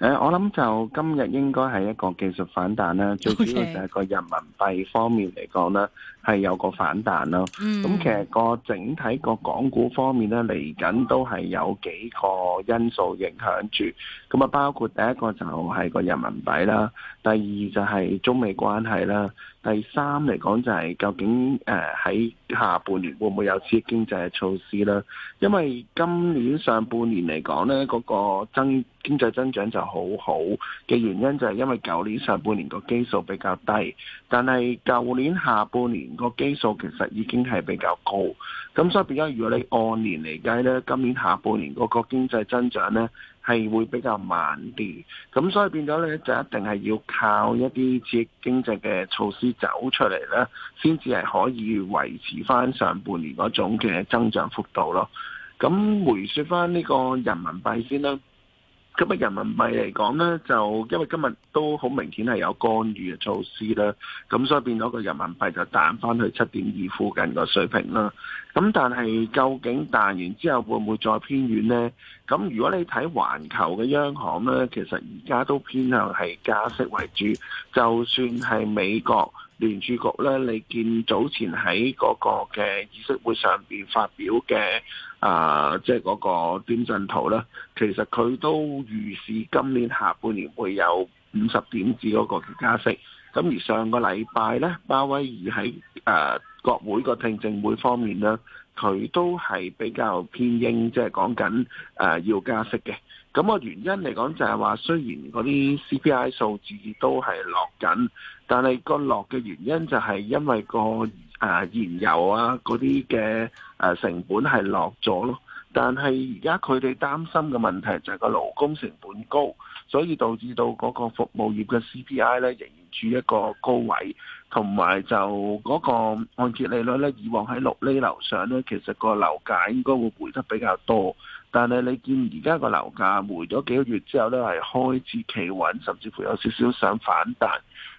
誒，我諗就今日應該係一個技術反彈啦，最主要就係個人民幣方面嚟講呢，係有個反彈咯。咁其實個整體個港股方面呢，嚟緊都係有幾個因素影響住，咁啊包括第一個就係個人民幣啦，第二就係中美關係啦。第三嚟講就係究竟誒喺、呃、下半年會唔會有刺激經濟嘅措施啦？因為今年上半年嚟講呢，嗰、嗰個增經濟增長就好好嘅原因就係因為舊年上半年個基數比較低，但係舊年下半年個基數其實已經係比較高，咁所以變咗如果你按年嚟計呢，今年下半年嗰個經濟增長呢。係會比較慢啲，咁所以變咗呢，就一定係要靠一啲刺激經濟嘅措施走出嚟啦，先至係可以維持翻上半年嗰種嘅增長幅度咯。咁回說翻呢個人民幣先啦。今日人民幣嚟講呢就因為今日都好明顯係有干預嘅措施啦，咁所以變咗個人民幣就彈翻去七點二附近個水平啦。咁但係究竟彈完之後會唔會再偏遠呢？咁如果你睇環球嘅央行呢，其實而家都偏向係加息為主。就算係美國聯儲局呢，你見早前喺嗰個嘅議息會上邊發表嘅。啊、呃，即係嗰個點陣圖啦，其實佢都預示今年下半年會有五十點子嗰個嘅加息。咁而上個禮拜咧，鮑威爾喺誒、呃、國會個聽證會方面咧，佢都係比較偏鷹，即係講緊誒要加息嘅。咁、那個原因嚟講，就係話雖然嗰啲 CPI 數字都係落緊，但係個落嘅原因就係因為、那個。啊，燃油啊，嗰啲嘅啊成本係落咗咯，但係而家佢哋擔心嘅問題就係個勞工成本高，所以導致到嗰個服務業嘅 CPI 咧仍然處一個高位，同埋就嗰個按揭利率咧，以往喺六厘樓上咧，其實個樓價應該會回得比較多，但係你見而家個樓價回咗幾個月之後咧，係開始企穩，甚至乎有少少想反彈。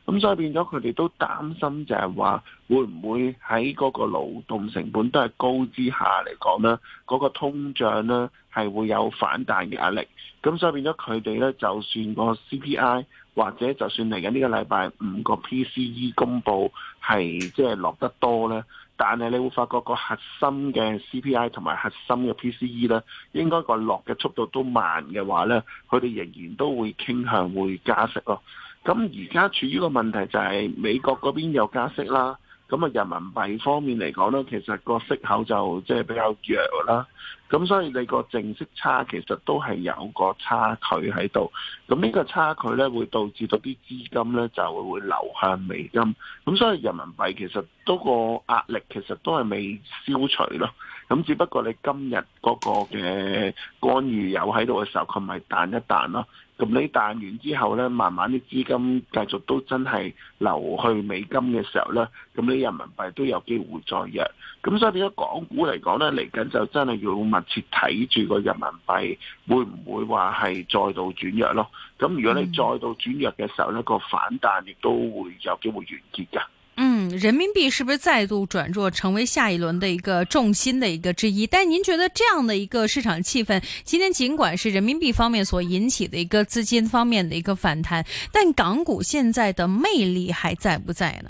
咁所以變咗佢哋都擔心，就係話會唔會喺嗰個勞動成本都係高之下嚟講呢，嗰個通脹呢係會有反彈嘅壓力。咁所以變咗佢哋呢就算個 CPI 或者就算嚟緊呢個禮拜五個 PCE 公佈係即係落得多呢，但係你會發覺個核心嘅 CPI 同埋核心嘅 PCE 呢，應該個落嘅速度都慢嘅話呢，佢哋仍然都會傾向會加息咯。咁而家處於個問題就係美國嗰邊有加息啦，咁啊人民幣方面嚟講咧，其實個息口就即係比較弱啦，咁所以你個淨息差其實都係有個差距喺度，咁呢個差距咧會導致到啲資金咧就會流向美金，咁所以人民幣其實都個壓力其實都係未消除咯，咁只不過你今日嗰個嘅干預有喺度嘅時候，佢咪彈一彈咯。咁你彈完之後咧，慢慢啲資金繼續都真係流去美金嘅時候咧，咁你人民幣都有機會再弱。咁所以點解港股嚟講咧，嚟緊就真係要密切睇住個人民幣會唔會話係再度轉弱咯。咁如果你再度轉弱嘅時候咧，個反彈亦都會有機會完結㗎。嗯，人民幣是不是再度轉弱，成為下一輪的一個重心的一個之一？但您覺得這樣的一個市場氣氛，今天盡管是人民幣方面所引起的一個資金方面的一個反彈，但港股現在的魅力還在不在呢？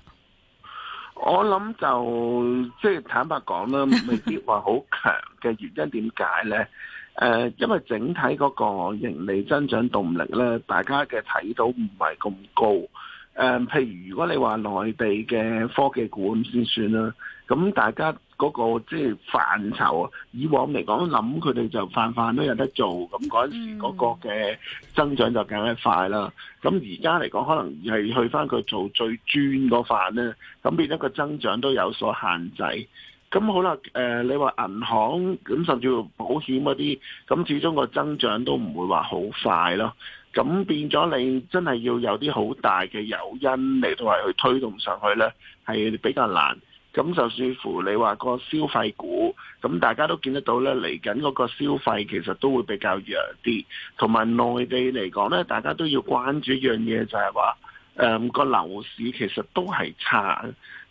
我諗就即係、就是、坦白講啦，未必話好強嘅原因點解呢、 呃？因為整體嗰個盈利增長動力呢，大家嘅睇到唔係咁高。誒、嗯，譬如如果你話內地嘅科技股先算啦，咁大家嗰、那個即係、就是、範疇，以往嚟講諗佢哋就泛泛都有得做，咁嗰陣時嗰個嘅增長就更加快啦。咁而家嚟講，可能係去返佢做最專個範咧，咁變一個增長都有所限制。咁好啦，誒、呃，你話銀行咁甚至保險嗰啲，咁始終個增長都唔會話好快咯。咁變咗，你真係要有啲好大嘅誘因嚟到係去推動上去呢，係比較難。咁就算乎你話個消費股，咁大家都見得到呢，嚟緊嗰個消費其實都會比較弱啲。同埋內地嚟講呢，大家都要關注一樣嘢，就係話，誒，個樓市其實都係差。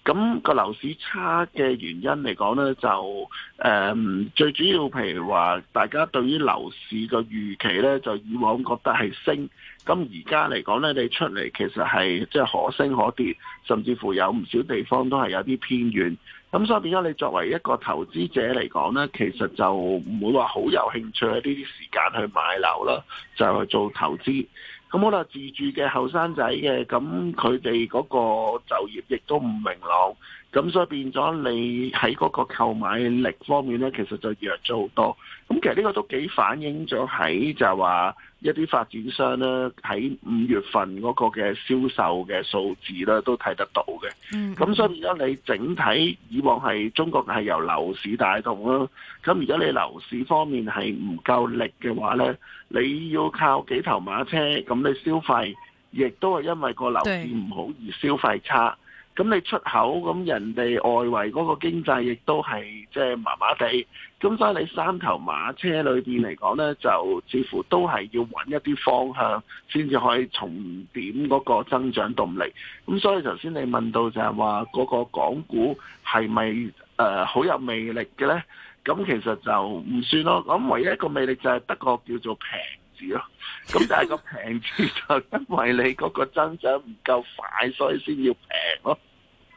咁個樓市差嘅原因嚟講呢，就誒、嗯、最主要，譬如話大家對於樓市嘅預期呢，就以往覺得係升，咁而家嚟講呢，你出嚟其實係即係可升可跌，甚至乎有唔少地方都係有啲偏遠，咁所以變咗你作為一個投資者嚟講呢，其實就唔會話好有興趣喺呢啲時間去買樓啦，就去做投資。咁好啦，自住嘅後生仔嘅，咁佢哋嗰個就業亦都唔明朗。咁所以變咗，你喺嗰個購買力方面咧，其實就弱咗好多。咁其實呢個都幾反映咗喺就話一啲發展商咧，喺五月份嗰個嘅銷售嘅數字咧，都睇得到嘅。咁、嗯嗯、所以而家你整體以往係中國係由樓市帶動咯。咁如果你樓市方面係唔夠力嘅話咧，你要靠幾頭馬車，咁你消費亦都係因為個樓市唔好而消費差。咁你出口，咁人哋外圍嗰個經濟亦都係即係麻麻地，咁所以你三頭馬車裏邊嚟講咧，就似乎都係要揾一啲方向先至可以重點嗰個增長動力。咁所以頭先你問到就係話嗰個港股係咪誒好有魅力嘅咧？咁其實就唔算咯。咁唯一一個魅力就係得個叫做平字咯。咁但係個平字就因為你嗰個增長唔夠快，所以先要平咯。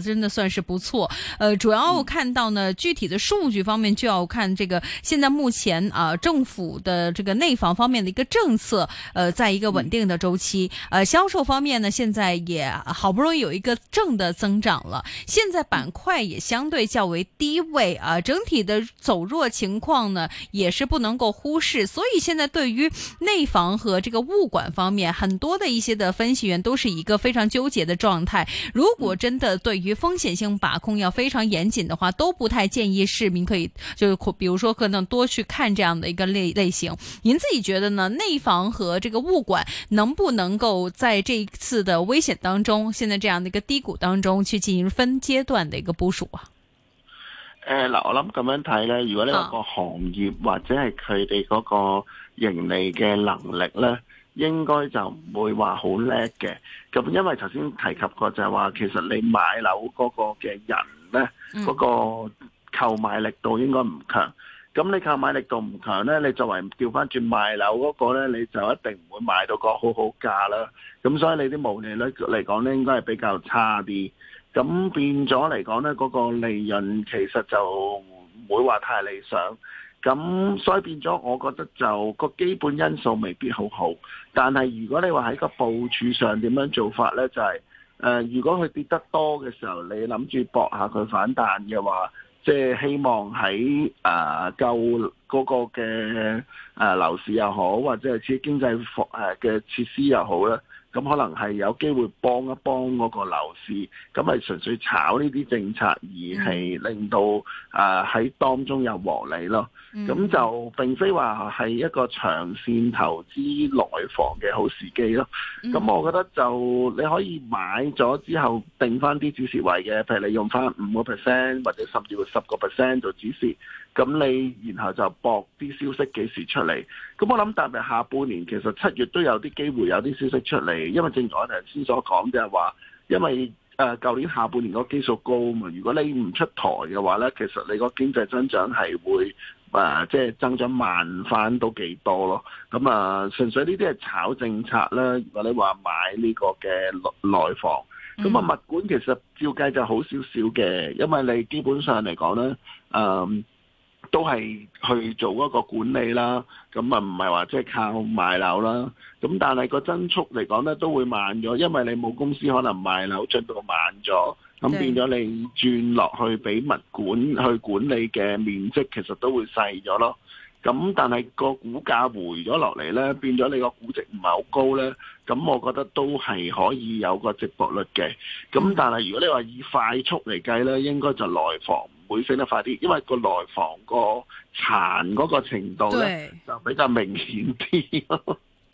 真的算是不錯，呃，主要看到呢，具體的數據方面就要看這個，現在目前啊，政府的這個內房方面的一個政策，呃，在一個穩定的周期，呃，銷售方面呢，現在也好不容易有一個正的增長了，現在板塊也相對較為低位啊，呃，整體的走弱情況呢，也是不能夠忽視，所以現在對於內房和這個物管方面，很多的一些的分析員都是一個非常糾結的狀態，如果真的對。於風險性把控要非常嚴謹的話，都不太建議市民可以，就是，比如說可能多去看這樣的一個類類型。您自己覺得呢？內房和這個物管能不能夠在這一次的危險當中，現在這樣的一個低谷當中去進行分階段的一個部署啊？誒，嗱，我諗咁樣睇咧，如果呢個行業好或者係佢哋嗰個盈利嘅能力咧，應該就唔會話好叻嘅，咁因為頭先提及過就係話，其實你買樓嗰個嘅人咧，嗰個、嗯、購買力度應該唔強。咁你購買力度唔強咧，你作為調翻轉賣樓嗰個咧，你就一定唔會買到個好好價啦。咁所以你啲毛利率嚟講咧，應該係比較差啲。咁變咗嚟講咧，嗰、嗰個利潤其實就唔會話太理想。咁所以變咗，我覺得就個基本因素未必好好，但係如果你話喺個部署上點樣做法呢？就係、是、誒、呃，如果佢跌得多嘅時候，你諗住搏下佢反彈嘅話，即、就、係、是、希望喺誒、呃、救嗰個嘅誒、呃、樓市又好，或者係啲經濟復誒嘅設施又好咧。咁可能係有機會幫一幫嗰個樓市，咁咪純粹炒呢啲政策，而係令到誒喺、呃、當中有獲利咯。咁、嗯、就並非話係一個長線投資內房嘅好時機咯。咁我覺得就你可以買咗之後定翻啲止蝕位嘅，譬如你用翻五個 percent 或者甚至乎十個 percent 做止蝕。咁你然後就博啲消息幾時出嚟？咁我諗，但係下半年其實七月都有啲機會有啲消息出嚟，因為正如我頭先所講，就係話，因為誒舊年下半年個基數高嘛，如果你唔出台嘅話咧，其實你個經濟增長係會誒、呃、即係增長慢翻到幾多咯。咁啊，純粹呢啲係炒政策啦，如果你話買呢個嘅內房。咁啊物管其實照計就好少少嘅，因為你基本上嚟講咧，誒、嗯。都係去做一個管理啦，咁啊唔係話即係靠賣樓啦，咁但係個增速嚟講咧都會慢咗，因為你冇公司可能賣樓進度慢咗，咁變咗你轉落去俾物管去管理嘅面積其實都會細咗咯。咁但係個股價回咗落嚟咧，變咗你個估值唔係好高咧，咁我覺得都係可以有個值博率嘅。咁但係如果你話以快速嚟計咧，應該就內房。會升得快啲，因為個內房個殘嗰個程度咧對就比較明顯啲。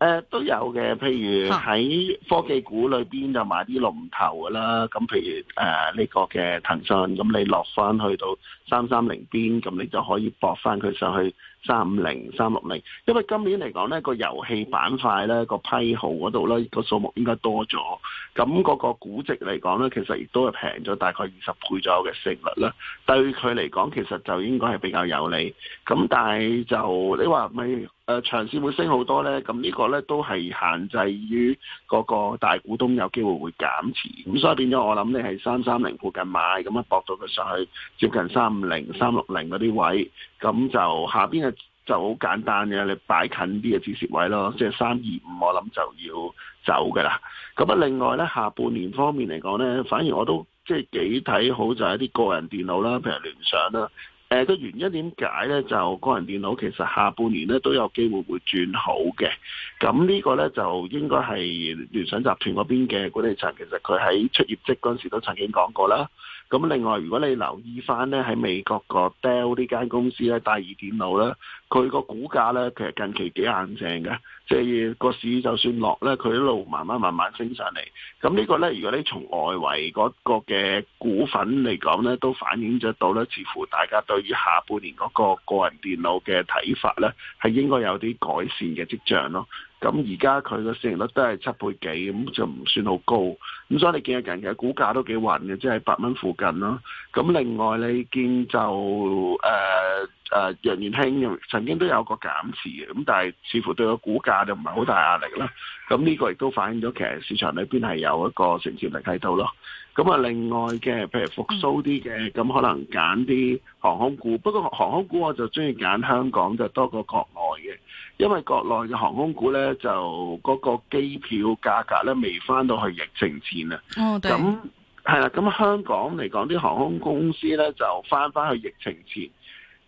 誒、呃、都有嘅，譬如喺科技股裏邊就買啲龍頭啦。咁譬如誒呢、呃這個嘅騰訊，咁你落翻去到三三零邊，咁你就可以搏翻佢上去。三五零、三六零，因為今年嚟講咧，個遊戲板塊咧個批號嗰度咧個數目應該多咗，咁嗰個估值嚟講咧，其實亦都係平咗大概二十倍左右嘅息率啦。對佢嚟講，其實就應該係比較有利。咁但係就你話咪誒，長線會升好多咧？咁呢個咧都係限制於嗰個大股東有機會會減持。咁所以變咗，我諗你係三三零附近買，咁樣博到佢上去，接近三五零、三六零嗰啲位。咁就下邊嘅就好簡單嘅，你擺近啲嘅止蝕位咯，即係三二五，我諗就要走㗎喇。咁啊，另外咧，下半年方面嚟講咧，反而我都即係幾睇好就係一啲個人電腦啦，譬如聯想啦。誒，個原因點解咧？就個人電腦其實下半年咧，都有機會會轉好嘅，咁呢個咧，就應該係聯想集團嗰邊嘅管理層，其實佢喺出業績嗰陣時都曾經講過啦。咁另外，如果你留意翻咧，喺美國個 Dell 呢間公司咧，戴爾電腦啦。佢個股價呢，其實近期幾硬淨嘅，即係個市就算落呢，佢一路慢慢慢慢升上嚟。咁呢個呢，如果你從外圍嗰個嘅股份嚟講呢，都反映咗到呢，似乎大家對於下半年嗰個個人電腦嘅睇法呢，係應該有啲改善嘅跡象咯。咁而家佢個市盈率都係七倍幾，咁就唔算好高。咁所以你見下其嘅股價都幾穩嘅，即係八蚊附近咯。咁另外你見就誒誒、呃呃、楊元慶曾經都有個減持嘅，咁但係似乎對個股價就唔係好大壓力啦。咁呢個亦都反映咗其實市場裏邊係有一個承接力喺度咯。咁啊，另外嘅，譬如復甦啲嘅，咁可能揀啲航空股，不過航空股我就中意揀香港，就多過國內嘅，因為國內嘅航空股咧，就嗰個機票價格咧，未翻到去疫情前啊。哦，對。咁係啦，咁香港嚟講啲航空公司咧就翻翻去疫情前。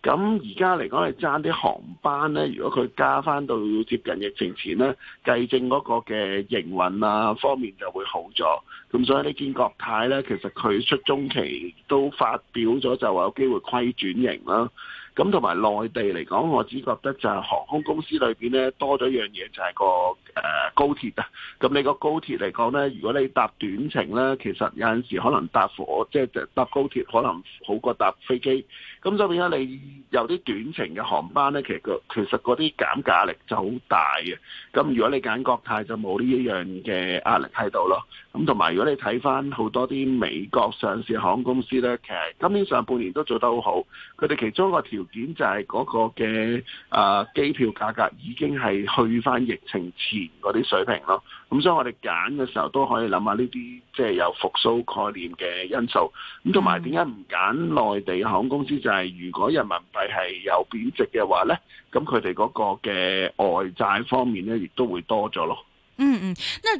咁而家嚟講，係爭啲航班咧。如果佢加翻到接近疫情前咧，計證嗰個嘅營運啊方面就會好咗。咁所以你見國泰咧，其實佢出中期都發表咗，就話有機會虧轉型啦。咁同埋內地嚟講，我只覺得就係航空公司裏邊咧多咗樣嘢，就係個誒高鐵啊。咁你個高鐵嚟講咧，如果你搭短程咧，其實有陣時可能搭火，即係搭高鐵可能好過搭飛機。咁所以變咗你有啲短程嘅航班咧，其實個其實嗰啲減價壓力就好大嘅。咁如果你揀國泰就冇呢一樣嘅壓力喺度咯。咁同埋如果你睇翻好多啲美國上市航空公司咧，其實今年上半年都做得好好。佢哋其中一個條件就係嗰個嘅啊機票價格已經係去翻疫情前嗰啲水平咯。咁所以我哋揀嘅時候都可以諗下呢啲即係有復甦概念嘅因素。咁同埋點解唔揀內地航空公司就？但係如果人民幣係有貶值嘅話咧，咁佢哋嗰個嘅外債方面咧，亦都會多咗咯。嗯嗯，那。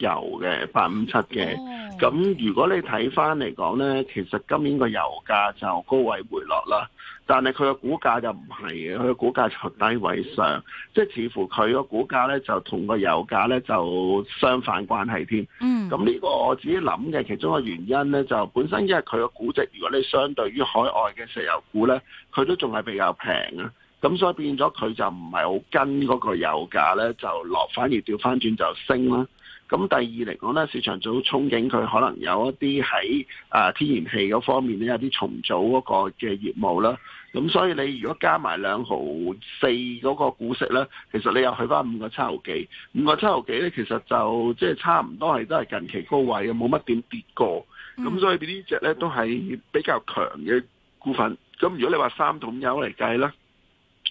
油嘅八五七嘅，咁如果你睇翻嚟講咧，其實今年個油價就高位回落啦，但係佢個股價就唔係嘅，佢個股價就低位上，即係似乎佢個股價咧就同個油價咧就相反關係添。咁呢個，mm. 個我自己諗嘅其中個原因咧，就本身因為佢個估值，如果你相對於海外嘅石油股咧，佢都仲係比較平啊，咁所以變咗佢就唔係好跟嗰個油價咧就落，反而調翻轉就升啦。咁第二嚟講咧，市場早憧憬佢可能有一啲喺啊天然氣嗰方面咧有啲重組嗰個嘅業務啦。咁所以你如果加埋兩毫四嗰個股息咧，其實你又去翻五個七毫幾，五個七毫幾咧其實就即係差唔多係都係近期高位嘅，冇乜點跌過。咁、嗯、所以呢隻咧都係比較強嘅股份。咁如果你話三桶油嚟計咧？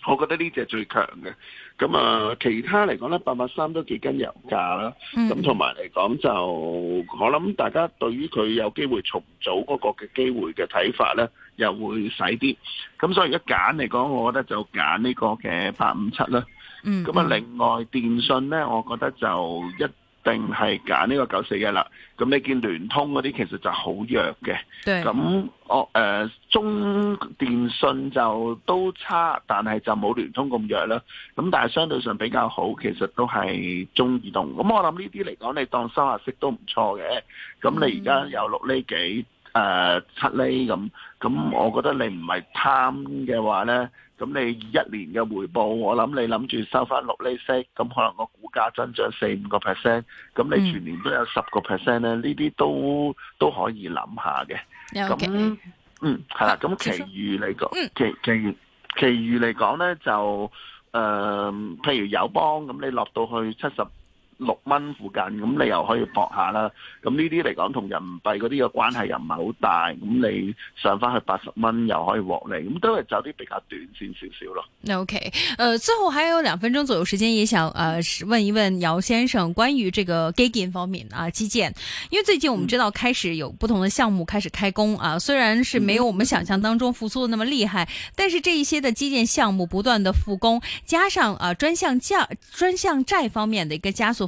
我覺得呢隻最強嘅，咁啊，其他嚟講咧，八八三都幾跟油價啦，咁同埋嚟講就，我諗大家對於佢有機會重組嗰個嘅機會嘅睇法咧，又會細啲，咁所以而家揀嚟講，我覺得就揀呢個嘅八五七啦，咁啊，另外電訊咧，我覺得就一。定係揀呢個九四一啦，咁你見聯通嗰啲其實就好弱嘅，咁我誒中電信就都差，但係就冇聯通咁弱啦，咁但係相對上比較好，其實都係中移動。咁我諗呢啲嚟講，你當收下息都唔錯嘅。咁你而家有六厘幾誒七厘咁，咁、呃、我覺得你唔係貪嘅話呢。咁你一年嘅回報，我諗你諗住收翻六厘息，咁可能個股價增長四五個 percent，咁你全年都有十個 percent 咧，呢啲都都可以諗下嘅。咁 Okay. 嗯，係啦，咁其餘嚟講、嗯，其其，其餘其餘嚟講咧，就誒、呃，譬如友邦咁，你落到去七十。六蚊附近，咁你又可以搏下啦。咁呢啲嚟講，同人民幣嗰啲嘅關係又唔係好大。咁你上翻去八十蚊，又可以獲利。咁都係走啲比較短線少少咯。OK，呃，最後還有兩分鐘左右時間，也想呃問一問姚先生關於這個基 g 方面啊，基建，因為最近我們知道開始有不同的項目開始開工啊，雖然是沒有我們想象當中復甦得那麼厲害，但是這一些的基建項目不斷的復工，加上啊、呃，專項降、專項債方面的一個加速。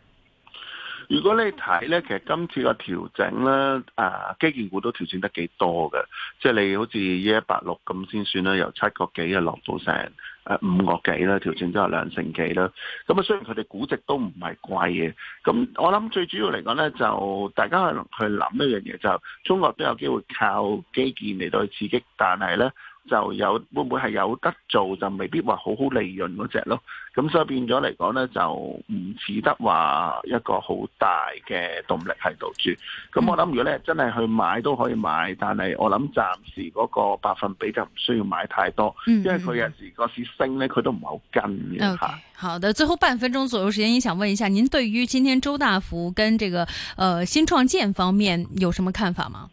如果你睇咧，其實今次個調整咧，啊，基建股都調整得幾多嘅，即係你好似一一八六咁先算啦，由七個幾啊，落到成誒五個幾啦，調整之後兩成幾啦。咁啊，雖然佢哋估值都唔係貴嘅，咁我諗最主要嚟講咧，就大家可能去諗一樣嘢，就中國都有機會靠基建嚟到去刺激，但係咧。就有會唔會係有得做就未必話好好利潤嗰隻咯，咁、嗯嗯、所以變咗嚟講咧就唔似得話一個好大嘅動力喺度住。咁我諗如果咧真係去買都可以買，但係我諗暫時嗰個百分比就唔需要買太多，嗯嗯、因為佢有時個市升咧佢都唔係好跟嘅嚇。Okay, 好的，最後半分鐘左右時間，亦想問一下您對於今天周大福跟這個呃新創建方面有什麼看法嗎？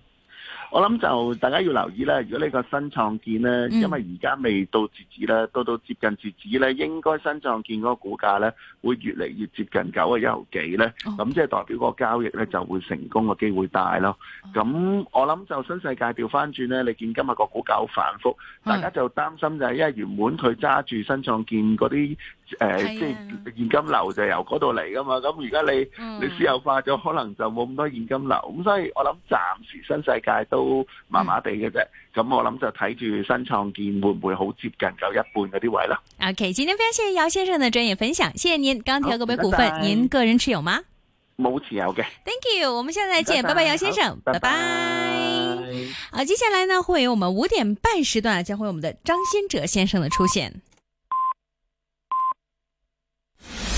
我諗就大家要留意咧，如果呢個新創建咧，因為而家未到截止咧，到到接近截止咧，應該新創建嗰個股價咧會越嚟越接近九啊一毫幾咧，咁即係代表個交易咧就會成功嘅機會大咯。咁我諗就新世界調翻轉咧，你見今日個股價好反復，大家就擔心就係因為原本佢揸住新創建嗰啲誒，即係現金流就由嗰度嚟噶嘛，咁而家你你私有化咗，可能就冇咁多現金流，咁所以我諗暫時新世界都。都麻麻地嘅啫，咁我諗就睇住新創建會唔會好接近就一半嗰啲位咯。OK，今天非常謝謝姚先生嘅專業分享，謝謝您。鋼鐵股份，拜拜您個人持有嗎？冇持有嘅。Thank you，我們下次再見拜拜，拜拜，姚先生，拜拜。好，接下來呢會有我們五點半時段，將會有我們的張新哲先生的出現。